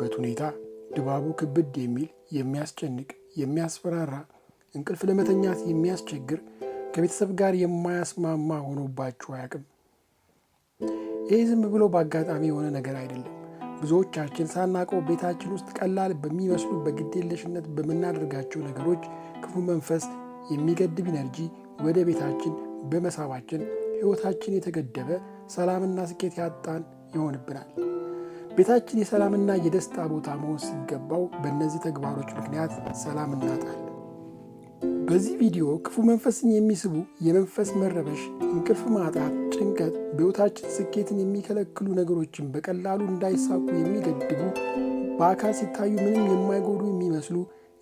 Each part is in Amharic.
በተኛችሁበት ሁኔታ ድባቡ ክብድ የሚል የሚያስጨንቅ፣ የሚያስፈራራ እንቅልፍ ለመተኛት የሚያስቸግር ከቤተሰብ ጋር የማያስማማ ሆኖባችሁ አያውቅም። ይህ ዝም ብሎ በአጋጣሚ የሆነ ነገር አይደለም። ብዙዎቻችን ሳናቀው ቤታችን ውስጥ ቀላል በሚመስሉ በግዴለሽነት በምናደርጋቸው ነገሮች ክፉ መንፈስ የሚገድብ ኢነርጂ ወደ ቤታችን በመሳባችን ሕይወታችን የተገደበ ሰላምና ስኬት ያጣን ይሆንብናል። ቤታችን የሰላምና የደስታ ቦታ መሆን ሲገባው በእነዚህ ተግባሮች ምክንያት ሰላም እናጣለን። በዚህ ቪዲዮ ክፉ መንፈስን የሚስቡ የመንፈስ መረበሽ፣ እንቅልፍ ማጣት፣ ጭንቀት፣ በሕይወታችን ስኬትን የሚከለክሉ ነገሮችን በቀላሉ እንዳይሳኩ የሚገድቡ በአካል ሲታዩ ምንም የማይጎዱ የሚመስሉ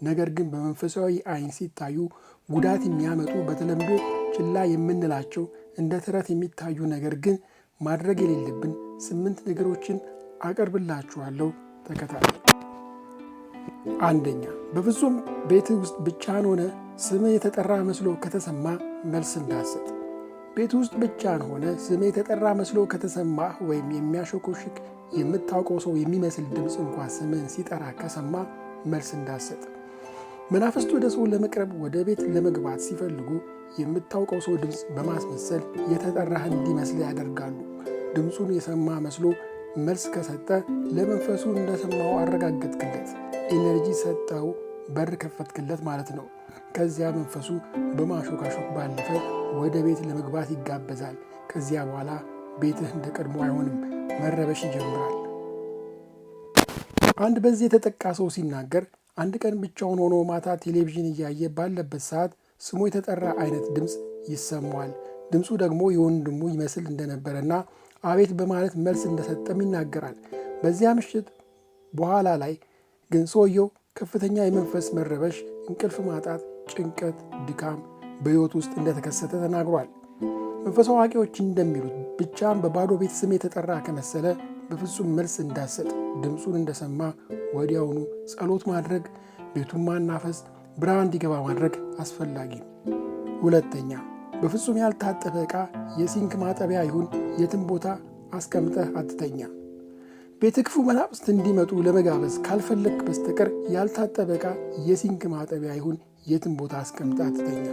ነገር ግን በመንፈሳዊ ዓይን ሲታዩ ጉዳት የሚያመጡ በተለምዶ ችላ የምንላቸው እንደ ተረት የሚታዩ ነገር ግን ማድረግ የሌለብን ስምንት ነገሮችን አቀርብላችኋለሁ። ተከታተል። አንደኛ በፍጹም ቤትህ ውስጥ ብቻህን ሆነ ስምህ የተጠራ መስሎ ከተሰማ መልስ እንዳሰጥ። ቤት ውስጥ ብቻህን ሆነ ስምህ የተጠራ መስሎ ከተሰማ ወይም የሚያሾኮሽክ የምታውቀው ሰው የሚመስል ድምፅ እንኳ ስምህን ሲጠራ ከሰማ መልስ እንዳሰጥ። መናፍስት ወደ ሰው ለመቅረብ ወደ ቤት ለመግባት ሲፈልጉ የምታውቀው ሰው ድምፅ በማስመሰል የተጠራህ እንዲመስል ያደርጋሉ። ድምፁን የሰማ መስሎ መልስ ከሰጠ ለመንፈሱ እንደሰማው አረጋገጥክለት፣ ኢነርጂ ሰጠው፣ በር ከፈትክለት ማለት ነው። ከዚያ መንፈሱ በማሾካሾክ ባለፈ ወደ ቤት ለመግባት ይጋበዛል። ከዚያ በኋላ ቤትህ እንደ ቀድሞ አይሆንም፣ መረበሽ ይጀምራል። አንድ በዚህ የተጠቃ ሰው ሲናገር አንድ ቀን ብቻውን ሆኖ ማታ ቴሌቪዥን እያየ ባለበት ሰዓት ስሙ የተጠራ አይነት ድምፅ ይሰማዋል። ድምፁ ደግሞ የወንድሙ ይመስል እንደነበረና አቤት በማለት መልስ እንደሰጠም ይናገራል። በዚያ ምሽት በኋላ ላይ ግን ሰውየው ከፍተኛ የመንፈስ መረበሽ፣ እንቅልፍ ማጣት፣ ጭንቀት፣ ድካም በሕይወት ውስጥ እንደተከሰተ ተናግሯል። መንፈስ አዋቂዎች እንደሚሉት ብቻም በባዶ ቤት ስም የተጠራ ከመሰለ በፍጹም መልስ እንዳሰጥ ድምፁን እንደሰማ ወዲያውኑ ጸሎት ማድረግ፣ ቤቱን ማናፈስ፣ ብርሃን እንዲገባ ማድረግ አስፈላጊ ነው። ሁለተኛ በፍጹም ያልታጠበ ዕቃ የሲንክ ማጠቢያ ይሁን የትም ቦታ አስቀምጠህ አትተኛ። ቤተ ክፉ መናፍስት እንዲመጡ ለመጋበዝ ካልፈለግ በስተቀር ያልታጠበ ዕቃ የሲንክ ማጠቢያ ይሁን የትም ቦታ አስቀምጠህ አትተኛ።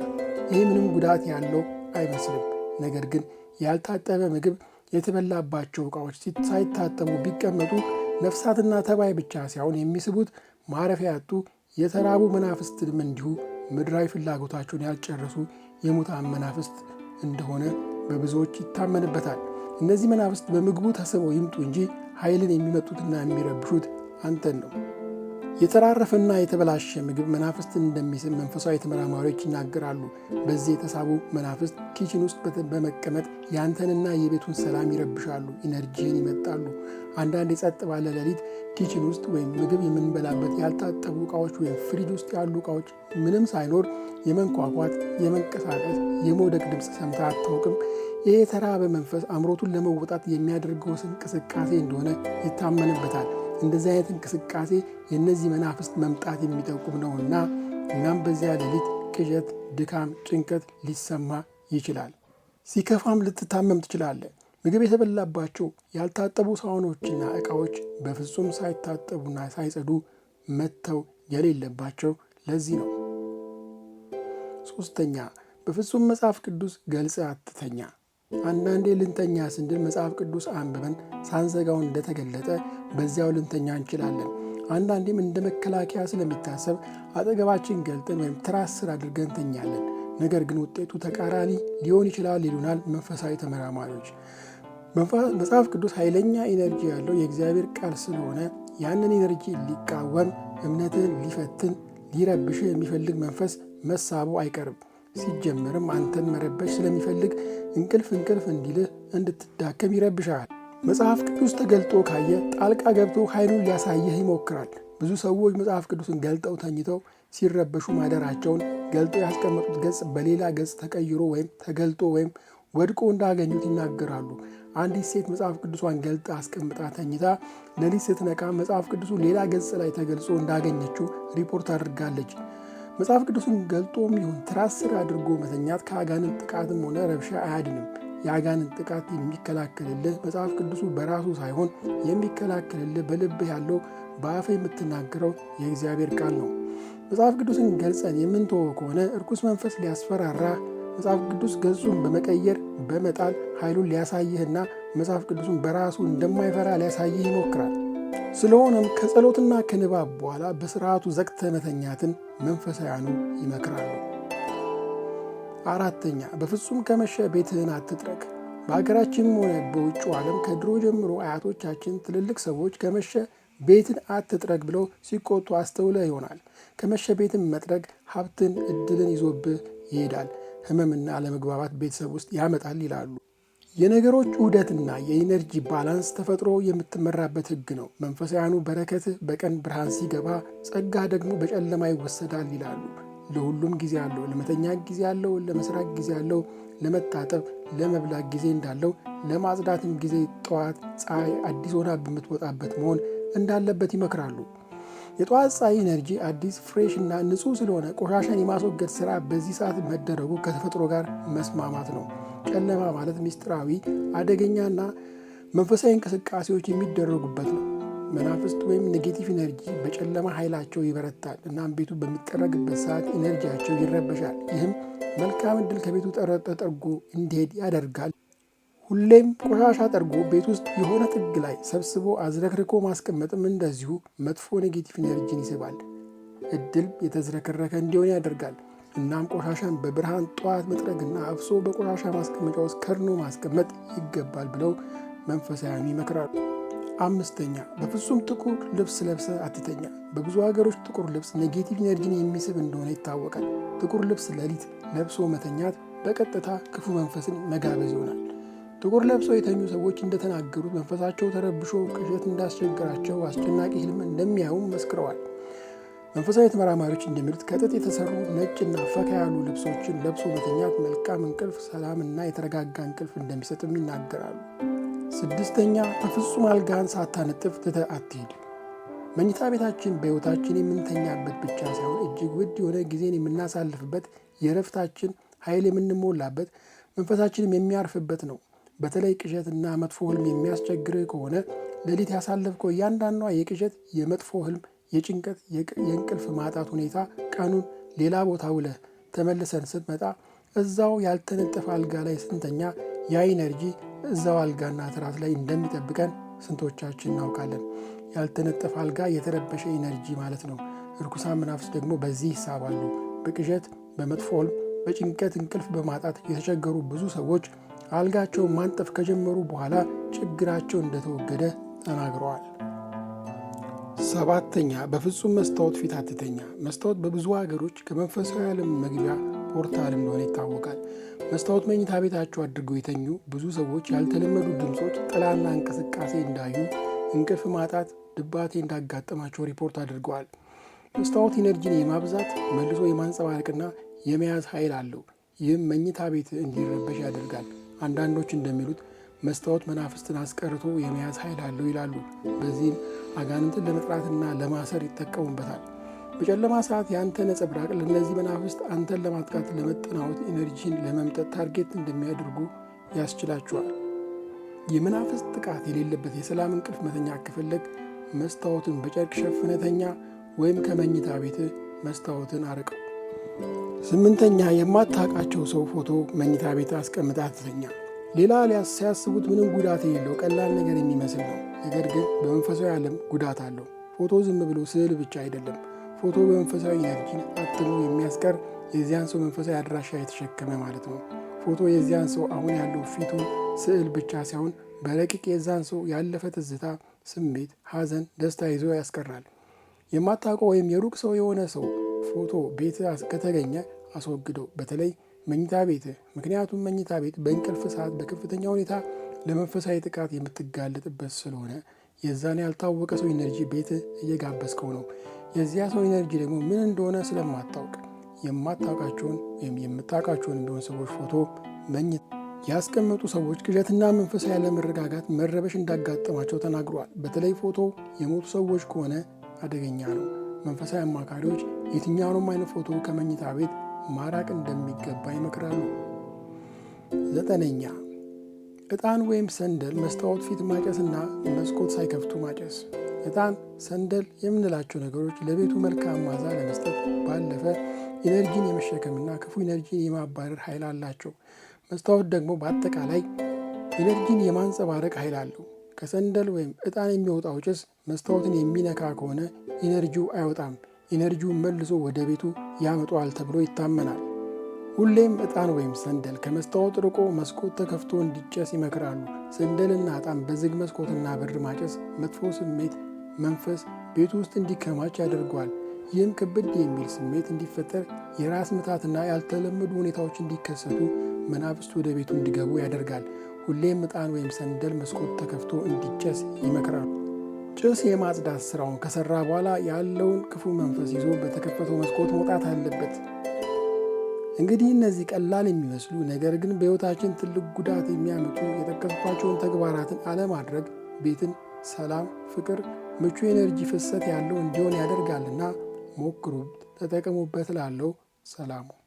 ይህ ምንም ጉዳት ያለው አይመስልም። ነገር ግን ያልታጠበ ምግብ የተበላባቸው ዕቃዎች ሳይታጠቡ ቢቀመጡ ነፍሳትና ተባይ ብቻ ሳይሆን የሚስቡት ማረፊያ ያጡ የተራቡ መናፍስትንም እንዲሁ ምድራዊ ፍላጎታቸውን ያልጨረሱ የሙታን መናፍስት እንደሆነ በብዙዎች ይታመንበታል። እነዚህ መናፍስት በምግቡ ተስበው ይምጡ እንጂ ኃይልን የሚመጡትና የሚረብሹት አንተን ነው። የተራረፈና የተበላሸ ምግብ መናፍስት እንደሚስብ መንፈሳዊ ተመራማሪዎች ይናገራሉ። በዚህ የተሳቡ መናፍስት ኪችን ውስጥ በመቀመጥ ያንተንና የቤቱን ሰላም ይረብሻሉ፣ ኢነርጂን ይመጣሉ። አንዳንድ የጸጥ ባለ ሌሊት ኪችን ውስጥ ወይም ምግብ የምንበላበት ያልታጠቡ እቃዎች ወይም ፍሪጅ ውስጥ ያሉ እቃዎች ምንም ሳይኖር የመንኳኳት፣ የመንቀሳቀስ፣ የመውደቅ ድምፅ ሰምታ አታውቅም። ይህ የተራበ መንፈስ አእምሮቱን ለመወጣት የሚያደርገው እንቅስቃሴ እንደሆነ ይታመንበታል። እንደዚህ አይነት እንቅስቃሴ የእነዚህ መናፍስት መምጣት የሚጠቁም ነውና እናም በዚያ ሌሊት ቅዠት፣ ድካም፣ ጭንቀት ሊሰማ ይችላል። ሲከፋም ልትታመም ትችላለህ። ምግብ የተበላባቸው ያልታጠቡ ሳህኖችና ዕቃዎች በፍጹም ሳይታጠቡና ሳይጸዱ መተው የሌለባቸው ለዚህ ነው። ሶስተኛ በፍጹም መጽሐፍ ቅዱስ ገልጽ አትተኛ። አንዳንዴ ልንተኛ ስንድል መጽሐፍ ቅዱስ አንብበን ሳንዘጋውን እንደተገለጠ በዚያው ልንተኛ እንችላለን። አንዳንዴም እንደ መከላከያ ስለሚታሰብ አጠገባችን ገልጠን ወይም ትራስ ስር አድርገን እንተኛለን። ነገር ግን ውጤቱ ተቃራኒ ሊሆን ይችላል ይሉናል መንፈሳዊ ተመራማሪዎች። መጽሐፍ ቅዱስ ኃይለኛ ኢነርጂ ያለው የእግዚአብሔር ቃል ስለሆነ ያንን ኢነርጂ ሊቃወም፣ እምነትን ሊፈትን፣ ሊረብሽ የሚፈልግ መንፈስ መሳቡ አይቀርም። ሲጀመርም አንተን መረበሽ ስለሚፈልግ እንቅልፍ እንቅልፍ እንዲልህ እንድትዳከም ይረብሻል። መጽሐፍ ቅዱስ ተገልጦ ካየ ጣልቃ ገብቶ ኃይሉን ሊያሳየህ ይሞክራል። ብዙ ሰዎች መጽሐፍ ቅዱስን ገልጠው ተኝተው ሲረበሹ ማደራቸውን ገልጦ ያስቀመጡት ገጽ በሌላ ገጽ ተቀይሮ ወይም ተገልጦ ወይም ወድቆ እንዳገኙት ይናገራሉ። አንዲት ሴት መጽሐፍ ቅዱሷን ገልጣ አስቀምጣ ተኝታ ሌሊት ስትነቃ መጽሐፍ ቅዱሱ ሌላ ገጽ ላይ ተገልጾ እንዳገኘችው ሪፖርት አድርጋለች። መጽሐፍ ቅዱስን ገልጦም ይሁን ትራስ ስር አድርጎ መተኛት ከአጋንንት ጥቃትም ሆነ ረብሻ አያድንም። የአጋንንት ጥቃት የሚከላከልልህ መጽሐፍ ቅዱሱ በራሱ ሳይሆን የሚከላከልልህ በልብህ ያለው በአፍ የምትናገረው የእግዚአብሔር ቃል ነው። መጽሐፍ ቅዱስን ገልጸን የምንተወው ከሆነ እርኩስ መንፈስ ሊያስፈራራ መጽሐፍ ቅዱስ ገጹን በመቀየር በመጣል ኃይሉን ሊያሳይህና መጽሐፍ ቅዱሱን በራሱ እንደማይፈራ ሊያሳይህ ይሞክራል። ስለሆነም ከጸሎትና ከንባብ በኋላ በስርዓቱ ዘግተ መተኛትን መንፈሳውያኑ ይመክራሉ። አራተኛ በፍጹም ከመሸ ቤትህን አትጥረግ። በሀገራችንም ሆነ በውጭ ዓለም ከድሮ ጀምሮ አያቶቻችን ትልልቅ ሰዎች ከመሸ ቤትን አትጥረግ ብለው ሲቆጡ አስተውለ ይሆናል። ከመሸ ቤትን መጥረግ ሀብትን፣ እድልን ይዞብህ ይሄዳል፣ ህመምና አለመግባባት ቤተሰብ ውስጥ ያመጣል ይላሉ። የነገሮች ዑደትና የኢነርጂ ባላንስ ተፈጥሮ የምትመራበት ህግ ነው። መንፈሳውያኑ በረከት በቀን ብርሃን ሲገባ፣ ጸጋ ደግሞ በጨለማ ይወሰዳል ይላሉ። ለሁሉም ጊዜ አለው። ለመተኛ ጊዜ አለው፣ ለመስራት ጊዜ አለው፣ ለመታጠብ ለመብላት ጊዜ እንዳለው፣ ለማጽዳትም ጊዜ ጠዋት ፀሐይ አዲስ ሆና በምትወጣበት መሆን እንዳለበት ይመክራሉ። የጠዋት ፀሐይ ኢነርጂ አዲስ ፍሬሽ እና ንጹህ ስለሆነ ቆሻሻን የማስወገድ ስራ በዚህ ሰዓት መደረጉ ከተፈጥሮ ጋር መስማማት ነው። ጨለማ ማለት አደገኛ አደገኛና መንፈሳዊ እንቅስቃሴዎች የሚደረጉበት ነው። መናፍስት ወይም ኔጌቲቭ ኢነርጂ በጨለማ ኃይላቸው ይበረታል። እናም ቤቱ በሚጠረግበት ሰዓት ኢነርጂያቸው ይረበሻል። ይህም መልካም እድል ከቤቱ ጠርጎ እንዲሄድ ያደርጋል። ሁሌም ቆሻሻ ጠርጎ ቤት ውስጥ የሆነ ጥግ ላይ ሰብስቦ አዝረክርኮ ማስቀመጥም እንደዚሁ መጥፎ ኔጌቲቭ ኢነርጂን ይስባል። እድል የተዝረከረከ እንዲሆን ያደርጋል። እናም ቆሻሻን በብርሃን ጠዋት መጥረግና አፍሶ በቆሻሻ ማስቀመጫ ውስጥ ከድኖ ማስቀመጥ ይገባል ብለው መንፈሳውያን ይመክራሉ። አምስተኛ በፍጹም ጥቁር ልብስ ለብሰ አትተኛ። በብዙ ሀገሮች ጥቁር ልብስ ኔጌቲቭ ኤነርጂን የሚስብ እንደሆነ ይታወቃል። ጥቁር ልብስ ሌሊት ለብሶ መተኛት በቀጥታ ክፉ መንፈስን መጋበዝ ይሆናል። ጥቁር ለብሰው የተኙ ሰዎች እንደተናገሩት መንፈሳቸው ተረብሾ ቅዠት እንዳስቸገራቸው አስጨናቂ ህልም እንደሚያዩም መስክረዋል። መንፈሳዊ ተመራማሪዎች እንደሚሉት ከጥጥ የተሰሩ ነጭና ፈካ ያሉ ልብሶችን ለብሶ መተኛት መልካም እንቅልፍ፣ ሰላምና የተረጋጋ እንቅልፍ እንደሚሰጥም ይናገራሉ። ስድስተኛ በፍጹም አልጋን ሳታነጥፍ ትተህ አትሄድ። መኝታ ቤታችን በሕይወታችን የምንተኛበት ብቻ ሳይሆን እጅግ ውድ የሆነ ጊዜን የምናሳልፍበት የረፍታችን ኃይል የምንሞላበት መንፈሳችንም የሚያርፍበት ነው። በተለይ ቅዠትና መጥፎ ህልም የሚያስቸግርህ ከሆነ ሌሊት ያሳለፍከው እያንዳንዷ የቅዠት የመጥፎ ህልም የጭንቀት የእንቅልፍ ማጣት ሁኔታ ቀኑን ሌላ ቦታ ውለ ተመልሰን ስትመጣ እዛው ያልተነጠፈ አልጋ ላይ ስንተኛ ያ ኢነርጂ እዛው አልጋና ትራት ላይ እንደሚጠብቀን ስንቶቻችን እናውቃለን። ያልተነጠፈ አልጋ የተረበሸ ኢነርጂ ማለት ነው። እርኩሳን መናፍስት ደግሞ በዚህ ይሳባሉ። በቅዠት፣ በመጥፎ ህልም፣ በጭንቀት እንቅልፍ በማጣት የተቸገሩ ብዙ ሰዎች አልጋቸውን ማንጠፍ ከጀመሩ በኋላ ችግራቸው እንደተወገደ ተናግረዋል። ሰባተኛ በፍጹም መስታወት ፊት አትተኛ። መስታወት በብዙ ሀገሮች ከመንፈሳዊ ዓለም መግቢያ ፖርታል እንደሆነ ይታወቃል። መስታወት መኝታ ቤታቸው አድርገው የተኙ ብዙ ሰዎች ያልተለመዱ ድምፆች፣ ጥላና እንቅስቃሴ እንዳዩ፣ እንቅልፍ ማጣት፣ ድባቴ እንዳጋጠማቸው ሪፖርት አድርገዋል። መስታወት ኢነርጂን የማብዛት መልሶ የማንጸባረቅና የመያዝ ኃይል አለው። ይህም መኝታ ቤት እንዲረበሽ ያደርጋል። አንዳንዶች እንደሚሉት መስታወት መናፍስትን አስቀርቶ የመያዝ ኃይል አለው ይላሉ። በዚህም አጋንንትን ለመጥራትና ለማሰር ይጠቀሙበታል። በጨለማ ሰዓት የአንተ ነጸብራቅ ለእነዚህ መናፍስት አንተን ለማጥቃት፣ ለመጠናወት፣ ኢነርጂን ለመምጠጥ ታርጌት እንደሚያደርጉ ያስችላቸዋል። የመናፍስት ጥቃት የሌለበት የሰላም እንቅልፍ መተኛ ከፈለግ መስታወትን በጨርቅ ሸፍነተኛ ወይም ከመኝታ ቤት መስታወትን አርቀው። ስምንተኛ የማታውቃቸው ሰው ፎቶ መኝታ ቤት አስቀምጣ ትተኛል። ሌላ ሳያስቡት ምንም ጉዳት የለው ቀላል ነገር የሚመስል ነው። ነገር ግን በመንፈሳዊ ዓለም ጉዳት አለው። ፎቶ ዝም ብሎ ስዕል ብቻ አይደለም። ፎቶ በመንፈሳዊ ኤነርጂን አትሞ የሚያስቀር የዚያን ሰው መንፈሳዊ አድራሻ የተሸከመ ማለት ነው። ፎቶ የዚያን ሰው አሁን ያለው ፊቱ ስዕል ብቻ ሳይሆን በረቂቅ የዛን ሰው ያለፈ ትዝታ፣ ስሜት፣ ሐዘን፣ ደስታ ይዞ ያስቀራል። የማታውቀው ወይም የሩቅ ሰው የሆነ ሰው ፎቶ ቤት ከተገኘ አስወግደው። በተለይ መኝታ ቤት። ምክንያቱም መኝታ ቤት በእንቅልፍ ሰዓት በከፍተኛ ሁኔታ ለመንፈሳዊ ጥቃት የምትጋለጥበት ስለሆነ የዛን ያልታወቀ ሰው ኢነርጂ ቤት እየጋበዝከው ነው። የዚያ ሰው ኢነርጂ ደግሞ ምን እንደሆነ ስለማታውቅ የማታውቃቸውን ወይም የምታውቃቸውን ቢሆን ሰዎች ፎቶ መኝት ያስቀመጡ ሰዎች ቅዠትና መንፈሳዊ ያለመረጋጋት መረበሽ እንዳጋጠማቸው ተናግረዋል። በተለይ ፎቶ የሞቱ ሰዎች ከሆነ አደገኛ ነው። መንፈሳዊ አማካሪዎች የትኛውንም አይነት ፎቶ ከመኝታ ቤት ማራቅ እንደሚገባ ይመክራሉ። ዘጠነኛ ዕጣን ወይም ሰንደል መስታወት ፊት ማጨስና መስኮት ሳይከፍቱ ማጨስ። ዕጣን፣ ሰንደል የምንላቸው ነገሮች ለቤቱ መልካም ማዛ ለመስጠት ባለፈ ኢነርጂን የመሸከምና ክፉ ኢነርጂን የማባረር ኃይል አላቸው። መስታወት ደግሞ በአጠቃላይ ኢነርጂን የማንጸባረቅ ኃይል አለው። ከሰንደል ወይም ዕጣን የሚወጣው ጭስ መስታወትን የሚነካ ከሆነ ኢነርጂው አይወጣም። ኢነርጂውን መልሶ ወደ ቤቱ ያመጧል ተብሎ ይታመናል። ሁሌም ዕጣን ወይም ሰንደል ከመስታወት ርቆ መስኮት ተከፍቶ እንዲጨስ ይመክራሉ። ሰንደልና ዕጣን በዝግ መስኮትና በር ማጨስ መጥፎ ስሜት መንፈስ ቤቱ ውስጥ እንዲከማች ያደርገዋል። ይህም ክብድ የሚል ስሜት እንዲፈጠር፣ የራስ ምታትና ያልተለመዱ ሁኔታዎች እንዲከሰቱ፣ መናፍስት ወደ ቤቱ እንዲገቡ ያደርጋል። ሁሌም ዕጣን ወይም ሰንደል መስኮት ተከፍቶ እንዲጨስ ይመክራሉ። ጭስ የማጽዳት ስራውን ከሰራ በኋላ ያለውን ክፉ መንፈስ ይዞ በተከፈተው መስኮት መውጣት አለበት። እንግዲህ እነዚህ ቀላል የሚመስሉ ነገር ግን በሕይወታችን ትልቅ ጉዳት የሚያመጡ የጠቀስኳቸውን ተግባራትን አለማድረግ ቤትን ሰላም፣ ፍቅር፣ ምቹ የኤነርጂ ፍሰት ያለው እንዲሆን ያደርጋልና ሞክሩ፣ ተጠቀሙበት። ላለው ሰላሙ